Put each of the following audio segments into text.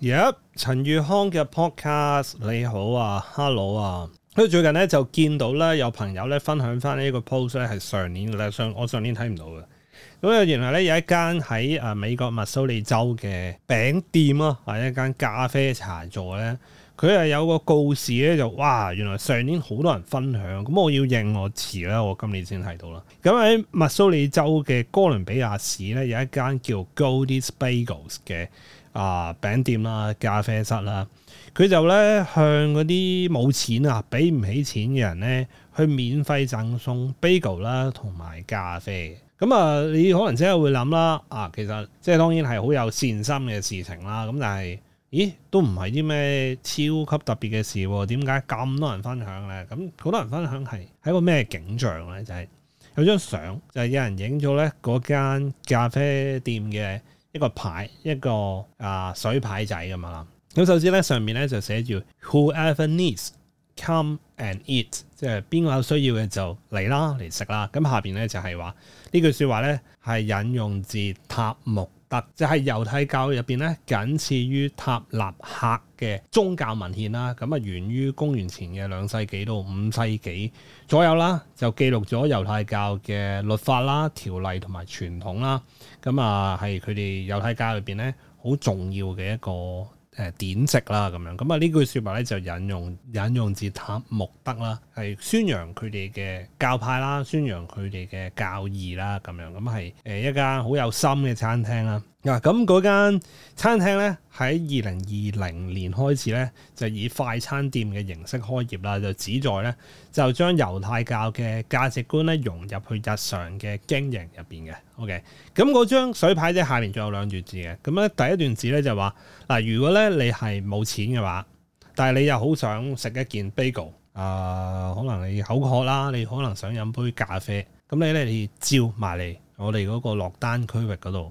而家、yep, 陳宇康嘅 podcast 你好啊，hello 啊，咁最近咧就見到咧有朋友咧分享翻呢個 post 咧係上年，上我上年睇唔到嘅，咁啊原來咧有一間喺啊美國密蘇里州嘅餅店啊，係一間咖啡茶座咧，佢係有個告示咧就哇，原來上年好多人分享，咁我要認我遲啦，我今年先睇到啦。咁喺密蘇里州嘅哥倫比亞市咧有一間叫 Goldie's Bagels 嘅。啊，餅店啦，咖啡室啦，佢就咧向嗰啲冇錢啊，俾唔起錢嘅人咧，去免費贈送 bagel 啦，同埋咖啡。咁、嗯、啊，你可能即係會諗啦，啊，其實即係當然係好有善心嘅事情啦。咁但係，咦，都唔係啲咩超級特別嘅事喎、啊？點解咁多人分享咧？咁好多人分享係一個咩景象咧？就係、是、有張相，就係、是、有人影咗咧嗰間咖啡店嘅。一個牌，一個啊、呃、水牌仔咁樣啦。咁首先咧，上面咧就寫住 Whoever needs come and eat，即係邊個有需要嘅就嚟啦，嚟食啦。咁下邊咧就係、是、話呢句説話咧係引用自塔木。嗱，就係猶太教入邊咧，僅次於塔納克嘅宗教文獻啦。咁啊，源於公元前嘅兩世紀到五世紀左右啦，就記錄咗猶太教嘅律法啦、條例同埋傳統啦。咁啊，係佢哋猶太教入邊咧，好重要嘅一個誒典籍啦咁樣。咁啊呢句説話咧就引用，引用自塔木德啦，係宣揚佢哋嘅教派啦，宣揚佢哋嘅教義啦，咁樣，咁係誒一間好有心嘅餐廳啦。嗱，咁嗰、嗯、間餐廳咧喺二零二零年開始咧就以快餐店嘅形式開業啦，就旨在咧就將猶太教嘅價值觀咧融入去日常嘅經營入邊嘅。OK，咁嗰張水牌嘅下邊仲有兩段字嘅，咁、嗯、咧第一段字咧就話嗱，如果咧你係冇錢嘅話，但係你又好想食一件 bagel，啊、呃，可能你口渴啦，你可能想飲杯咖啡，咁你咧照埋嚟我哋嗰個落單區域嗰度。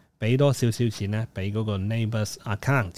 俾多，多少少錢咧？俾嗰個 neighbours account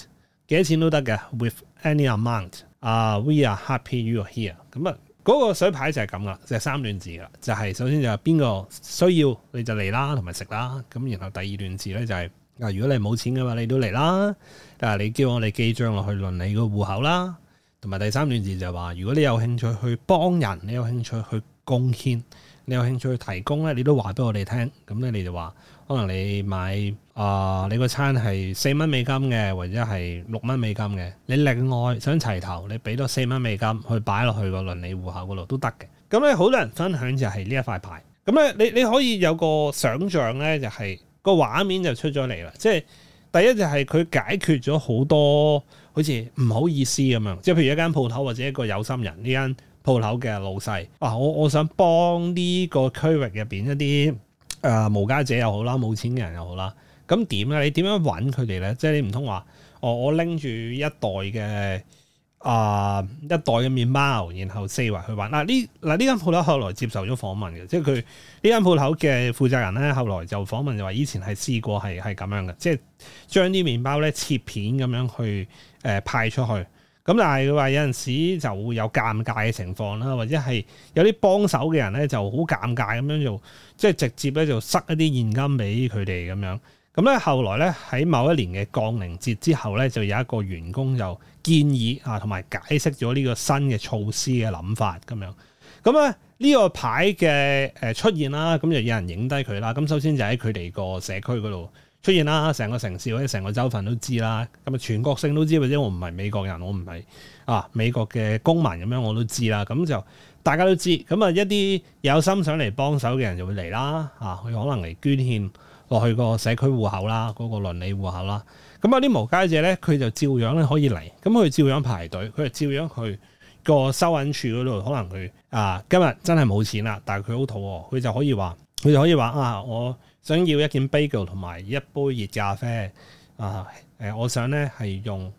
幾多錢都得嘅，with any amount、uh,。啊，we are happy you are here、嗯。咁啊，嗰個水牌就係咁啦，就係、是、三段字啦。就係、是、首先就係邊個需要你就嚟啦，同埋食啦。咁然後第二段字咧就係、是、啊，如果你冇錢嘅話，你都嚟啦。但係啊，你叫我哋記帳落去論你個戶口啦，同埋第三段字就係、是、話，如果你有興趣去幫人，你有興趣去貢獻。你有興趣去提供咧，你都話俾我哋聽。咁咧，你就話可能你買啊、呃，你個餐係四蚊美金嘅，或者係六蚊美金嘅。你另外想齊頭，你俾多四蚊美金去擺落去個倫理戶口嗰度都得嘅。咁、嗯、咧，好多人分享就係呢一塊牌。咁、嗯、咧，你你可以有個想像咧、就是，就係個畫面就出咗嚟啦。即係第一就係佢解決咗好多好似唔好意思咁樣，即係譬如一間鋪頭或者一個有心人呢間，鋪頭嘅老細，啊，我我想幫呢個區域入邊一啲誒、呃、無家者又好啦，冇錢嘅人又好啦，咁點咧？你點樣揾佢哋咧？即係你唔通話，我我拎住一袋嘅啊、呃、一袋嘅麵包，然後四圍去揾嗱？呢嗱，呢間鋪頭後來接受咗訪問嘅，即係佢呢間鋪頭嘅負責人咧，後來就訪問就話以前係試過係係咁樣嘅，即係將啲麵包咧切片咁樣去誒、呃、派出去。咁但係佢話有陣時就會有尷尬嘅情況啦，或者係有啲幫手嘅人咧就好尷尬咁樣就即係直接咧就塞一啲現金俾佢哋咁樣。咁咧後來咧喺某一年嘅降臨節之後咧，就有一個員工就建議啊，同埋解釋咗呢個新嘅措施嘅諗法咁樣。咁咧呢個牌嘅誒出現啦，咁就有人影低佢啦。咁首先就喺佢哋個社區嗰度。出現啦，成個城市或者成個州份都知啦，咁啊全國性都知，或者我唔係美國人，我唔係啊美國嘅公民咁樣我都知啦，咁就大家都知，咁啊一啲有心想嚟幫手嘅人就會嚟啦，啊佢可能嚟捐獻落去個社區戶口啦，嗰個倫理戶口啦，咁啊啲無家者咧，佢就照樣咧可以嚟，咁佢照樣排隊，佢就照樣去個收銀處嗰度，可能佢啊今日真係冇錢啦，但係佢好肚餓，佢就可以話。佢就可以話啊，我想要一件 bagel 同埋一杯熱咖啡啊！誒、呃，我想咧係用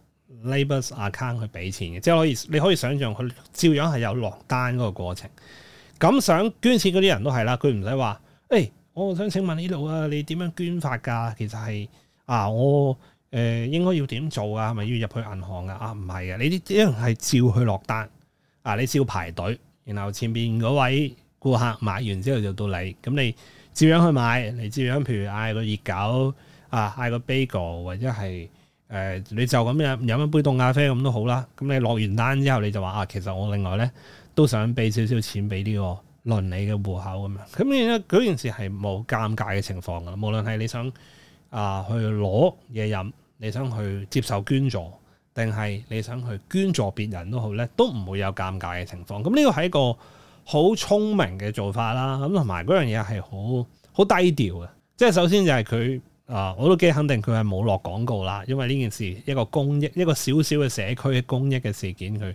labour's account 去俾錢嘅，即係可以你可以想像佢照樣係有落單嗰個過程。咁想捐錢嗰啲人都係啦，佢唔使話誒，我想請問呢度啊，你點樣捐法㗎？其實係啊，我誒、呃、應該要點做啊？係咪要入去銀行㗎？啊，唔係啊，你啲啲人係照去落單啊，你照排隊，然後前面嗰位。顧客買完之後就到你，咁你照樣去買，你照樣譬如嗌個熱狗啊，嗌個 bagel 或者係誒、呃，你就咁樣飲一杯凍咖啡咁都好啦。咁你落完單之後你就話啊，其實我另外咧都想俾少少錢俾呢個鄰里嘅戶口咁、啊、樣。咁呢個嗰件事係冇尷尬嘅情況噶啦，無論係你想啊去攞嘢飲，你想去接受捐助，定係你想去捐助別人都好咧，都唔會有尷尬嘅情況。咁呢個係一個。好聰明嘅做法啦，咁同埋嗰樣嘢係好好低調嘅。即係首先就係佢啊，我都幾肯定佢係冇落廣告啦。因為呢件事一個公益，一個小小嘅社區嘅公益嘅事件，佢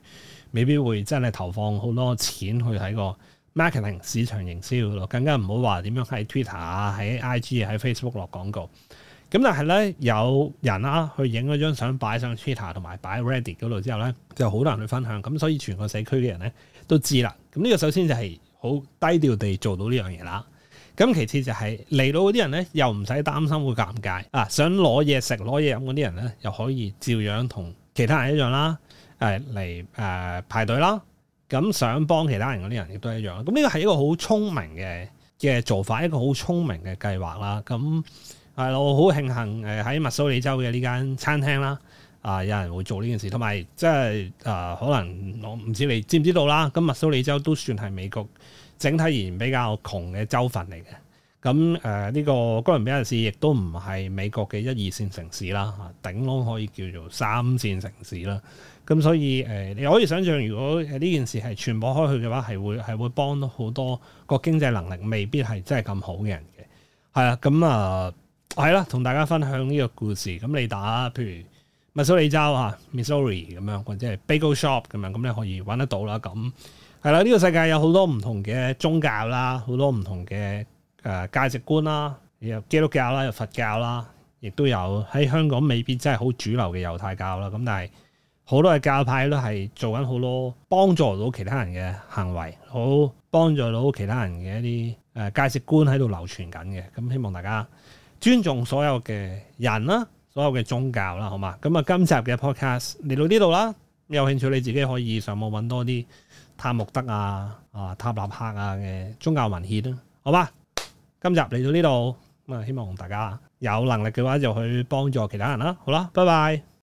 未必會真係投放好多錢去喺個 marketing 市場營銷度。更加唔好話點樣喺 Twitter 啊、喺 IG、喺 Facebook 落廣告。咁但係咧，有人啦、啊、去影咗張相擺上 Twitter 同埋擺 Reddit 嗰度之後咧，就好多人去分享。咁所以全個社區嘅人咧都知啦。咁呢個首先就係好低調地做到呢樣嘢啦。咁其次就係、是、嚟到嗰啲人咧，又唔使擔心會尷尬啊。想攞嘢食、攞嘢飲嗰啲人咧，又可以照樣同其他人一樣啦。誒嚟誒排隊啦。咁、啊、想幫其他人嗰啲人，亦都一樣。咁、啊、呢、這個係一個好聰明嘅嘅做法，一個好聰明嘅計劃啦。咁、啊、係、啊、我好慶幸誒喺密蘇里州嘅呢間餐廳啦。啊！有人會做呢件事，同埋即係誒、呃，可能我唔知你知唔知道啦。咁密蘇里州都算係美國整體而言比較窮嘅州份嚟嘅。咁誒，呢、呃這個哥倫比亞市亦都唔係美國嘅一二線城市啦，頂、啊、籠可以叫做三線城市啦。咁所以誒、呃，你可以想象，如果呢件事係傳播開去嘅話，係會係會幫到好多個經濟能力未必係真係咁好嘅人嘅。係啊，咁啊，係、啊、啦，同大家分享呢個故事。咁你打譬如。密蘇里州啊，Missouri 咁樣，或者係 Bagel Shop 咁樣，咁你可以揾得到啦。咁係啦，呢、嗯，這個世界有好多唔同嘅宗教啦，好多唔同嘅誒、呃、價值觀啦，有基督教啦，有佛教啦，亦都有喺香港未必真係好主流嘅猶太教啦。咁但係好多嘅教派都係做緊好多幫助到其他人嘅行為，好幫助到其他人嘅一啲誒價值觀喺度流傳緊嘅。咁希望大家尊重所有嘅人啦。所有嘅宗教啦，好嘛？咁啊，今集嘅 podcast 嚟到呢度啦，有興趣你自己可以上網揾多啲塔木德啊、啊塔納克啊嘅宗教文獻啦，好嘛？今集嚟到呢度咁啊，希望大家有能力嘅話就去幫助其他人啦，好啦，拜拜。